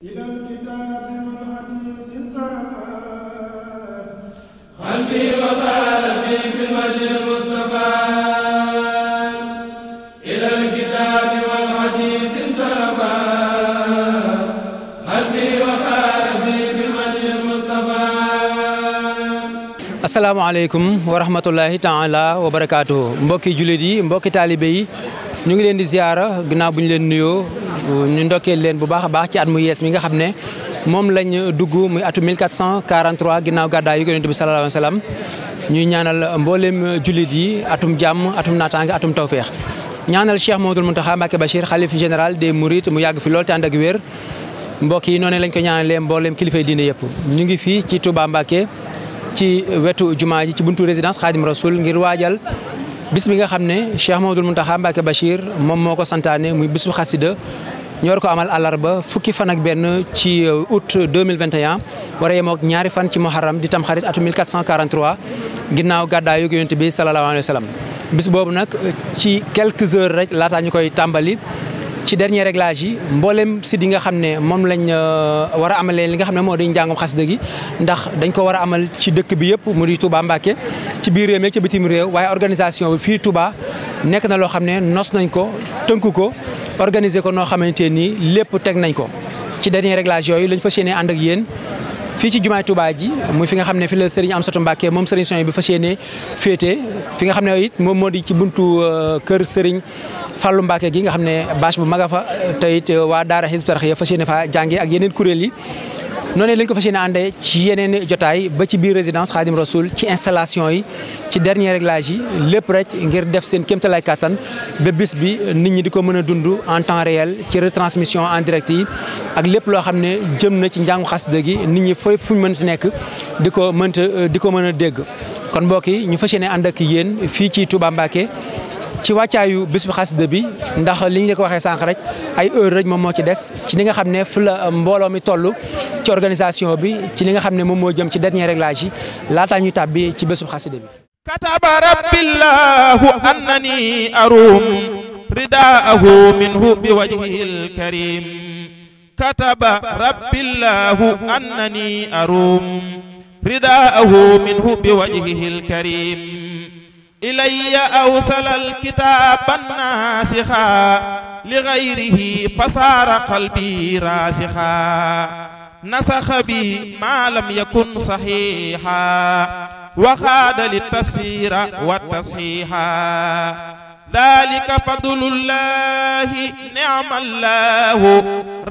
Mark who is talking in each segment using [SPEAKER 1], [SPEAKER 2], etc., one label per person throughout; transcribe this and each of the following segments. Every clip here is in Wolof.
[SPEAKER 1] asalaamaaleykum wa rahmatullahi taala wa barakaatuhu mbokki jullit yi mbokki taalibe yi ñu ngi leen di ziyaara ginnaaw bu ñu leen nuyoo ñu ndokkeel leen bu baax a baax ci at mu yees mi nga xam ne moom lañ dugg muy atu 1443 ginnaaw gàddaa yu yonent bi sallallahu alayhi wa sallam ñuy ñaanal mboolem jullit yi atum jàmm atum naataange atum taw tawféex. ñaanal Cheikh Mouhamadoul Mountakha Mbacké Bachir xalif général de Mourides mu yàgg fi lool te ànd ak wér mbokk yi noonu lañ ko ñaanalee mboolem kilifay diine yëpp ñu ngi fii ci Touba Mbacké ci wetu jumaa ji ci buntu résidence Khadim Rasoul ngir waajal. bis bi nga xam ne Cheikh Mamadou Mountakha Mbacké Bachir moom moo ko santaane muy bisu xasida ñoo war ko amal àllarba fukki fan ak benn ci euh, août 2021 war a yemook ñaari fan ci muharram di tamxarit atum 1443 ginnaaw gàddaayu yonent bi sallallahu alayhi wa sallam bis boobu nag ci quelques heures rek laataa ñu koy tàmbali ci dernier réglage yi mboolem si yi nga xam ne moom lañ euh, war a amalee li nga xam ne moo di njàngum xasida gi ndax dañ ko war a amal ci dëkk bi yëpp mu di Touba Mbacké ci biir réew mi ci bitim réew waaye organisation bi fii Touba nekk na loo xam ne nos nañ ko tënku ko organiser ko noo xamante nii lépp teg nañ ko ci dernier réglage yooyu lañ fas yéenee ànd ak yéen fii ci jumaay Touba ji muy fi nga xam ne fi la am Amsatou Mbacké moom Serigne Sonia bi fas yéenee fi nga xam ne it moom moo di ci buntu euh, kër Serigne Fallou Mbacke gi nga xam ne bâche bu mag a fa teyit euh, waa daara Hizbut Tarqiyyah fas yéene fa jànge ak yeneen kuréel yi noonu lañ ko fas yéene àndee yeneen jotaay ba ci biir résidence Khadim Rasoul ci installation yi ci dernier réglage yi lépp rek ngir def seen kéemtalaay kattan ba bis bi nit ñi di ko mën a dund en temps réel ci retransmission en direct yi ak lépp loo xam ne jëm na ci njàngu xasida gi nit ñi fooy fuñ mënta nekk di ko mënta di ko mën a dégg kon mbokk yi ñu fas yéene ànd ak yéen fii ci Touba Mbacké ci wàccaayu bis xasida bi ndax li ñu ko waxee sànq rek ay heure rek moom moo ci des ci li nga xam ne fu la mbooloo mi toll ci organisation bi ci li nga xam ne moom moo jëm ci dernier réglage yi laataa ñuy tàbbi ci bésub xasida bi
[SPEAKER 2] kataba rabbillahu annani arum ridaahu minhu bi wajhil karim kataba rabbillahu annani arum ridaahu minhu bi wajhil karim ilayya awsala alkitaaba naasixa li gayrihi fasaara qalbi raasixa nasaxa bi maa lam yakun saxiixa waxaada li tafsiira wa tasxiixa dalika fadlullahi ni'mallahu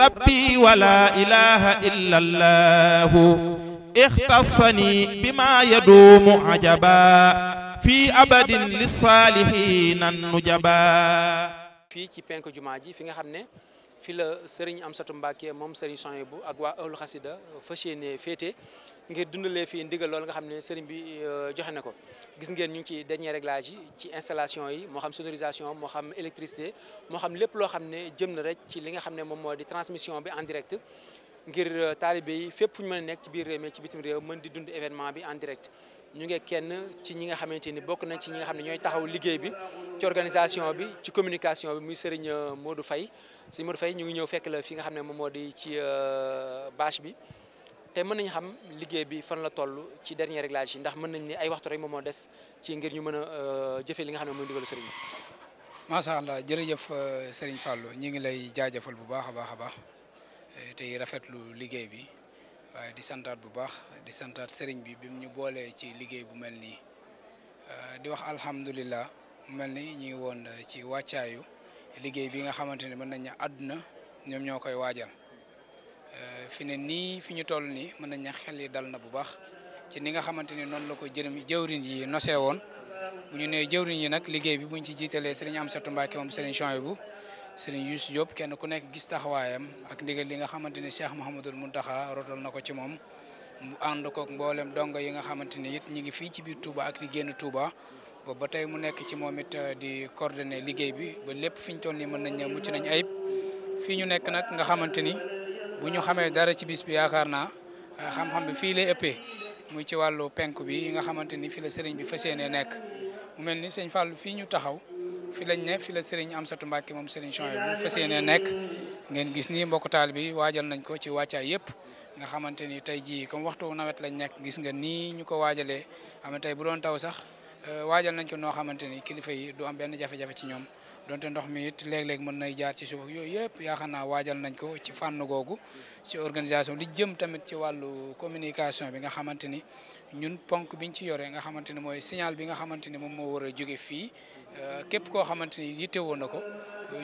[SPEAKER 2] rabbi wala ilaha illallahu ixtasani bima yaduumu ajaba fii abadin lissaalihiina nujaba
[SPEAKER 1] fii ci penk jumaa ji fi nga xam ne fi la sëriñ Amsatu Mbàkke moom sëriñ Sohaybu ak waa Ahlu Xasida fas yéene féete ngir dundalee fii ndigal loolu nga xam ne sëriñ bi euh, joxe na ko gis ngeen ñu ci dernier réglage yi ci installation yi moo xam sonorisation moo xam électricité moo xam lépp loo xam ne jëm na rek ci li nga xam ne moom moo di transmission bi en direct ngir euh, taalibe yi fépp fu ñu mën a nekk ci biir réew mi ci di dund événement bi en direct ñu ngi kenn ci ñi nga xamante ni bokk nañ ci ñi nga xam ne ñooy taxaw liggéey bi ci organisation bi ci communication bi muy Serigne Modou Faye Serigne Modou ñu ngi ñëw fekk fi nga xam ne moom moo di ci euh, bâche bi te mën nañ xam liggéey bi fan la toll ci dernier réglage yi ndax mën nañ ni ay waxtu rek moom moo des ci ngir ñu mën a euh, jëfe li nga xam ne mooy ndigalu Serigne
[SPEAKER 3] bi. macha allah jërëjëf euh, Serigne Fallou ñu ngi lay jaajëfal bu baax a baax a baax tey rafetlu liggéey bi. waaye di santaat bu baax di santaat sëriñ bi bi ñu boolee ci liggéey bu mel nii euh, di wax alhamdulilah mel ni ñu woon euh, ci wàccaayu liggéey bi nga xamante ne mën nañ àdduna ñoom ñoo koy waajal euh, fi ne nii fi ñu toll nii mën nañ ne xel yi dal na bu baax ci ni nga xamante ni noonu la ko jërëm jëwriñ yi nosee woon bu ñu nee jëwriñ yi nag liggéey bi buñ ci jiitalee sëriñ Amsatou Mbacke moom sëriñ Chouaïbou bu Serigne Youssou Diop kenn ku nekk gis taxawaayam ak ndigal li nga xamante ni Cheikh Mouhamadul Mountakha rotal na ko ci moom mu ànd kook mbooleem dongo yi nga xamante ni it ñu ngi fii ci biir Touba ak li génn Touba ba tey mu nekk ci moom it uh, di coordonner liggéey bi ba lépp fi ñu toll nii mën nañ ñëw mucc nañ ayib fii ñu nekk nag nga xamante ni bu ñu xamee dara ci bis bi yaakaar naa uh, xam-xam bi fii lay ëppee muy ci wàllu penk bi yi nga xamante ni fii la sëriñ bi fas yéenee nekk mel ni sëñ Fallou fii ñu taxaw. fi lañ ne fi la Serigne Amsatou Mbacke moom Serigne Chouaïbou bu fas yéene nekk ngeen gis ni mbokk taal bi waajal nañ ko ci wàccaay yëpp nga xamante ni tey jii comme waxtu nawet lañ nekk gis nga nii ñu ko waajalee am na tey bu doon taw sax Euh, waajal nañ ko noo xamante ni kilifa yi du am benn jafe-jafe ci ñoom donte ndox mi it léeg-léeg mën na jaar ci suba yooyu yëpp yaakaar naa waajal nañ ko ci fànn googu ci organisation li jëm tamit ci wàllu communication bi nga xamante ni ñun ponk biñ ci yoree nga xamante ni mooy signal bi nga xamante ni moom moo war a jóge fii euh, képp koo xamante ni yittewoo na ko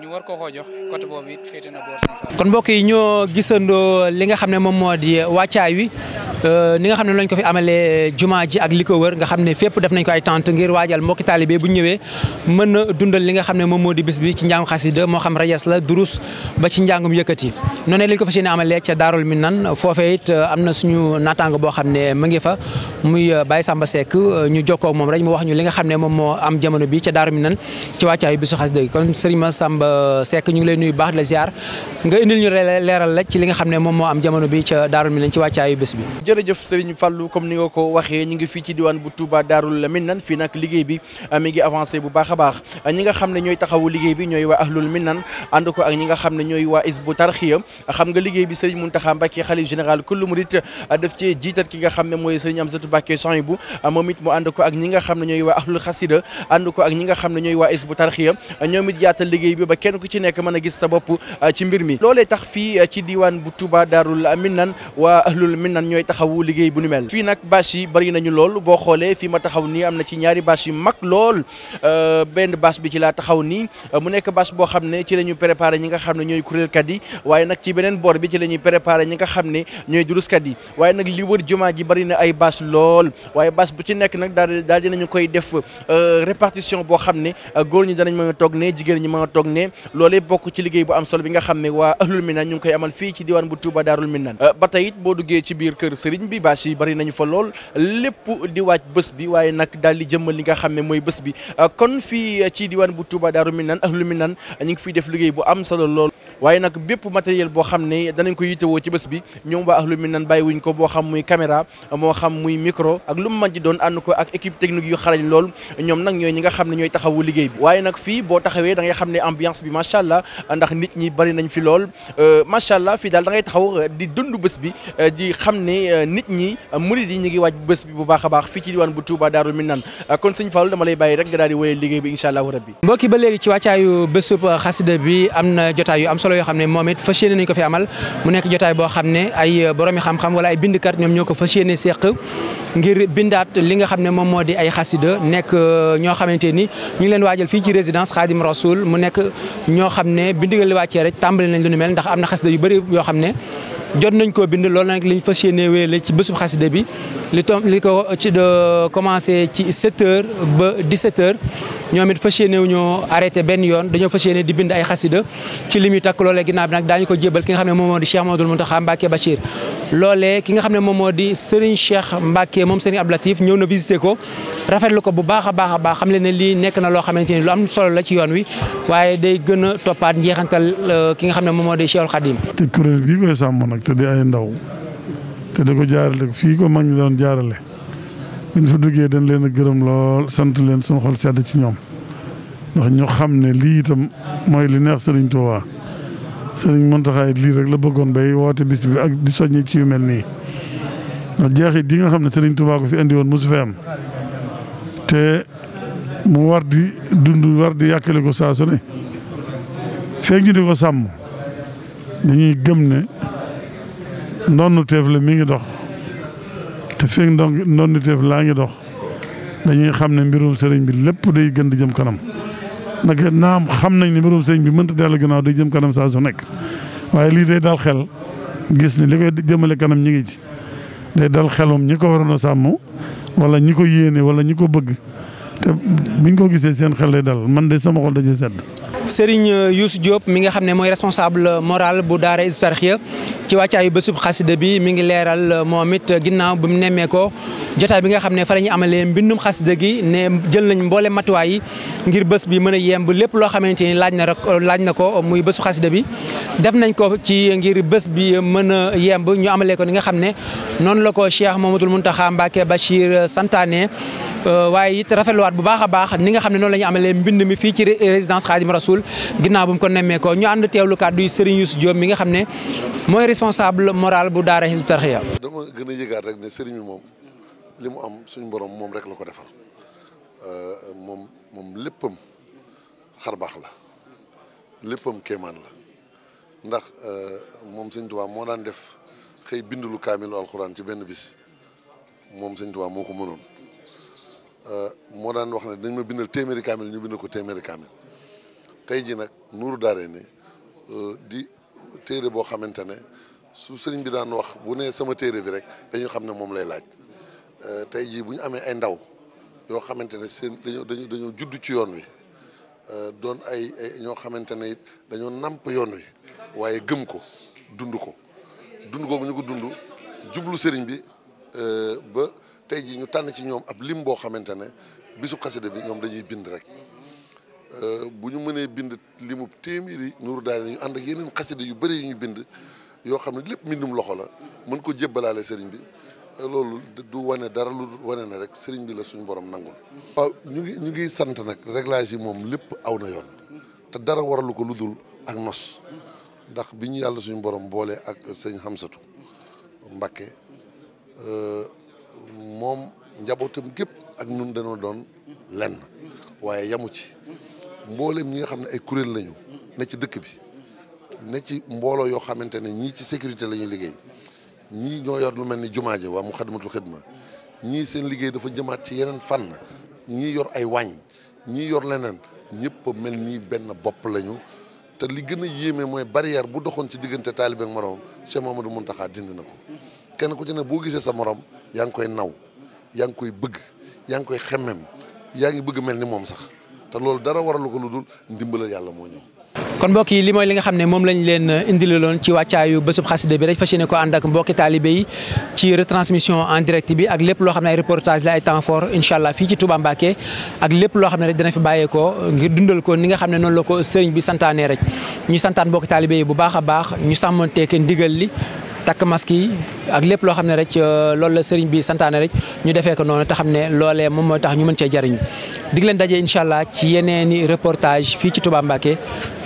[SPEAKER 3] ñu war ko koo jox côté boobu it féete na boor seen
[SPEAKER 1] kon mbokk ñoo gisandoo li xam ne moom moo di wàccaay wi Euh, ni nga xam ne lañ ko fi amalee euh, jumaa ji ak li ko wër nga xam ne fépp def nañ ko ay tente ngir waajal mbokki taalibee bu ñëwee mën na dundal li nga xam ne moom moo di bis bi ci njàngu moo xam rajas la durus ba ci njàngum yëkkati noonu lañ ko fas yéene amalee ca Daarul Minan foofee euh, am na suñu naataango boo xam ne mu ngi fa muy Baye Samba Seck ñu jokkoo moom rek mu wax ñu li nga xam ne moom moo am jamono bi ca Daarul Minan ci wàccaayu bisu xasida kon Serigne Samba Seck ñu ngi lay nuyu baax la ziar nga indil ñu leeral la ci li nga xam ne moom moo am jamono bi ca Daarul Minan ci wàccaayu bis bi
[SPEAKER 4] jërëjëf Serigne Fallou comme ni nga ko waxee ñu ngi fii ci diwaan bu Touba Daarul Minnan fii nag liggéey bi euh, mi ngi avancé bu baax a baax euh, ñi nga xam ne ñooy taxawu liggéey bi ñooy waa Ahlul Minnan ànd ko ak ñi nga xam ne ñooy waa Isbu Tarxiya xam nga liggéey bi Serigne Mountakha Mbacké xalif général kullu murit euh, daf ci jiitat ki nga xam ne mooy Serigne Amsatou Mbacké Souhaïbou moom it mu ànd ko ak nga xam ne ñooy waa Ahlul Xasida ànd ko ak ñi nga xam ne ñooy waa Isbu Tarxiya ñoom it yaatal liggéey bi ba kenn ku ci nekk mën a gis sa bopp ci mbir mi loolee tax fii ci diwaan bu Touba Daarul Minnan waa Ahlul Minnan ñooy tax taxawu liggéey bu nu mel fii nag bâche yi nañu lool boo xoolee fii ma taxaw nii am na ci ñaari bâche yu mag lool euh, benn bâche bi ci laa taxaw nii euh, mu nekk bâche boo xam ne ci la ñu préparé ñi nga xam ne ñooy kuréelkat yi waaye nag ci beneen boor bi ci la ñuy préparé ñi nga xam ne ñooy duruskat yi waaye nag li ji bëri na ay bâche lool waaye bâche bu ci nekk nag daal daal dinañu koy def euh, répartition boo xam ne góor ñi danañ mën a toog ne jigéen ñi mën a toog ne loolee bokk ci liggéey bu am solo bi nga xam ne waa ahlul minan ñu koy amal fii ci diwaan bu Touba Daarul Minan ba tey it boo duggee ci biir kër sëriñ bi bâche yi bari nañu fa lool lépp di waaj bés bi waaye nag daal di jëmmal li nga xam ne mooy bés bi kon fii ci diwaan bu nan Darou lu Ahlou nan ñu ngi fiy def liggéey bu am solo lool. waaye nag bépp matériel boo xam ne danañ ko woo ci bés bi ñoom waa Ahlul Minan bàyyi wuñ ko boo xam muy caméra moo xam muy micro ak lu mu mën ci doon ànd ko ak équipe technique yu xarañ lool ñoom nag ñooy ñi nga xam ne ñooy taxawu liggéey bi waaye nag fii boo taxawee da ngay xam ne ambiance bi macha allah ndax nit ñi bari nañ fi lool euh, macha allah fii daal da taxaw euh, di dund bés bi euh, di xam ne nit ñi murid yi ñu ngi waaj bés bi bu baax a baax fii ci diwaan bu Touba Darou Minane kon sëñ Fallou dama lay bàyyi rek liggéey bi incha allahu
[SPEAKER 1] bi am na jotaay am solo solo yoo xam ne moom it fas yéene nañ ko fi amal mu nekk jotaay boo xam ne ay euh, boromi xam-xam wala ay bindkat ñoom ñoo ko fas yéene seq ngir bindaat li nga xam ne moom moo di ay xasida nekk euh, ñoo xamante ni ñu ngi leen waajal fii ci résidence Khadim Rasoul mu nekk ñoo xam ne bi ndigal li wàccee rek tàmbali nañ lu ni mel ndax am na xasida yu bari yoo xam ne jot nañ koo bind lool nag liñ fas yéene la ci bésub xasida bi li to li ko ci euh, commencé ci set heures ba 17 ñoom it fas yéene wu arrêté benn yoon dañoo fas di bind ay xasida ci li muy takk loolee ginnaaw bi nag daañu ko jébal ki nga xam ne moom moo di Cheikh Mamadou Mountakha ki nga xam ne moom moo di Serigne Cheikh Mbacké moom Serigne Abdou Latif ñëw na visité ko rafetlu ko bu baax a baax a baax xam leen ne lii nekk na loo xamante ni lu am solo la ci yoon wi waaye day gën a toppaat njeexantal euh, ki nga xam ne moom moo di Cheikhul Khadim
[SPEAKER 5] te kuréel gii koy sàmm nag te di ay ndaw te da ko jaarale fii ko mag ñi doon jaarale buñ fa duggee dañ leen a gërëm lool sant leen suñu xol sedd ci ñoom ndax ñu xam ne lii itam mooy li neex Serigne Touba Serigne Mountakha lii rek la bëggoon bay woote bis bi ak di soññi ci yu mel nii ndax jeexit yi nga xam ne Serigne Touba ko fi andi woon mosu fi am te mu war di dund war di yàkkale ko saa ne feeg ñu di ko sàmm dañuy gëm ne ndonnu teef la mi ngi dox te feeg ndonnu teef laa ngi dox dañuy xam ne mbirum sëriñ bi lépp day gën di jëm kanam nag naam xam nañ ne mbirum sëñ bi mënta dellu ginnaaw day jëm kanam saa su nekk waaye lii de dal xel gis ni li koy jëmale kanam ñi ngi ci day dal xelum ñi ko waroon sàmm wala ñi ko yéene wala ñi ko bëgg te buñ ko gisee seen xel day dal man de sama xol daje sedd.
[SPEAKER 1] sëriñ Youssou Diop mi nga xam ne mooy responsable moral bu Daara Hizbut Tarqiyyah ci wàccaayu bésub xasida bi mi ngi leeral euh, moom it euh, ginnaaw bu mu nemmee ko jotaay bi nga xam ne fa la ñu amalee mbindum xasida gi ne jël nañ mboole matuwaay yi ngir bi mën yemb lépp loo xamante ni laaj na rek euh, laaj na ko muy bésu xasida bi def nañ ko ci ngir bés bi mën a yemb ñu amalee ni nga xam ne noonu la ko Cheikh Mamadou Mountakha Mbacké Bachir santaane waaye it rafetluwaat bu baax a baax ni xam ne noonu la ñu amalee mbind mi fii ci résidence Khadim Rasoul ginnaaw bu mu ko nemmee ko ñu ànd teewlu kàddu Serigne Youssou Diop mi nga xam ne responsable moral bu daara Hizbut Tarqiyyah
[SPEAKER 6] dama gën a yëgaat rek ne sëriñ moom li mu am suñ borom moom rek la ko defal euh, moom moom léppam xar la léppam kéemaan la ndax euh, moom sëñ Tuubaa moo daan def xëy bindulu kaamilu alxuraan ci benn bis moom sëñ Tuubaa moo ko mënoon euh, moo daan wax ne dañ ma bindal téeméeri kaamil ñu bind ko téeméeri kaamil tey ji nag nuuru daare ne di téere boo xamante ne su sëriñ bi daan wax bu ne sama téere bi rek dañu xam ne moom lay laaj euh, tey jii bu ñu amee ay ndaw yoo xamante ne seen dañoo dañoo dañoo judd ci yoon wi euh, doon ay ay ñoo xamante ne it dañoo nàmp yoon wi waaye gëm ko dund ko dund ko bu ñu ko dund jublu sëriñ bi euh, ba tey jii ñu tànn ci ñoom ab lim boo xamante ne bisu xasida bi ñoom dañuy bind rek bu ñu mënee bind limu téeméeri nuuru daal ñu ànd ak yeneen xasida yu bëri yu ñu bind. yoo xam ne lépp mbindum loxo la mën ko jébbalaale sëriñ bi loolu du wane dara lu wane na rek sëriñ bi la suñu borom nangul. waaw ñu ngi sant nag réglage yi moom lépp aw na yoon te dara waralu ko lu dul ak nos ndax bi ñu yàlla suñu borom boole ak sëñ Hamsatu Mbakke euh, moom njabootam gépp ak nun dañoo doon lenn waaye yamu ci mboolem ñi nga xam ne ay kuréel lañu ne ci dëkk bi. ne ci mbooloo yoo xamante ne ñii ci sécurité la ñuy liggéey ñii ñoo yor lu mel ni jumaa ji waa mu xadamatul xidma ñii seen liggéey dafa jëmaat ci yeneen fànn ñii yor ay wàññ ñii yor leneen ñëpp mel nii benn bopp lañu te li gën a yéeme mooy barrière bu doxoon ci diggante taalibe ak moromam Cheikh Mamadou Mountakha dindi na ko kenn ku ci ne boo gisee sa morom yaa ngi koy naw yaa ngi koy bëgg yaa ngi koy xemmem yaa ngi bëgg mel ni moom sax te loolu dara waralu lu dul ndimbalal yàlla moo ñëw
[SPEAKER 1] kon mbokk yi li mooy li nga xam ne moom lañu leen euh, indiloon ci wàccaayu bésub xasida bi rek fas yéene ko ànd ak mbokki taalibe yi ci retransmission en direct bi ak lépp loo xam ne ay reportage la ay temps fort fii ci Touba ak lépp loo xam ne rek dana fi bàyyeekoo ngir dundal ko ni nga xam ne noonu la ko sëriñ bi santaane rek ñu santaan mbokki taalibe yi bu baax a baax ñu sàmmanteek ndigal li takk masque yi ak lépp loo xam ne rek euh, loolu la sëriñ bi santaane rek ñu defee ko noonu te xam ne loolee moom mooy tax ñu mën cee jariñu dig leen daje incha allah ci yeneeni reportage fii ci Touba Mbacké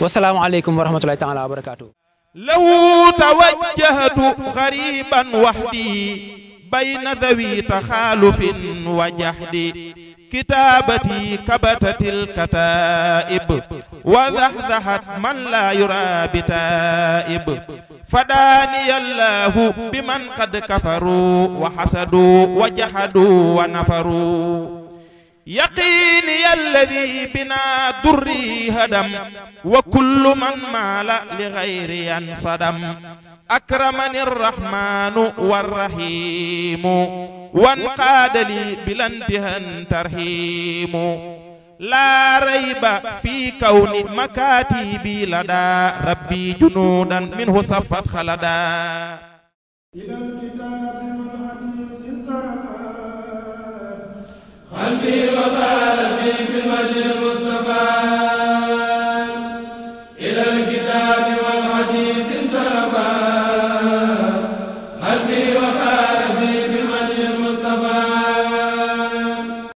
[SPEAKER 1] wasalaamualeykum wa rahmatulahi taala wa barakaatu.
[SPEAKER 2] law tawajjahtu xariban waxdi bayna dawi taxaalufin wa jaxdi kitaabati kabatatil kataa'ib wa dahdahat man laa yuraa bi taa'ib fadaaniya llaahu bi man qad kafaru wa xasadu wa jahadu wa nafaru يقيني الذي بنا دري هدم وكل من مال لغيري انصدم أكرمني الرحمن والرحيم وانقاد لي بلا انتهى ترحيم لا ريب في كون مكاتبي لدى ربي جنودا منه صفت خلدا bi wa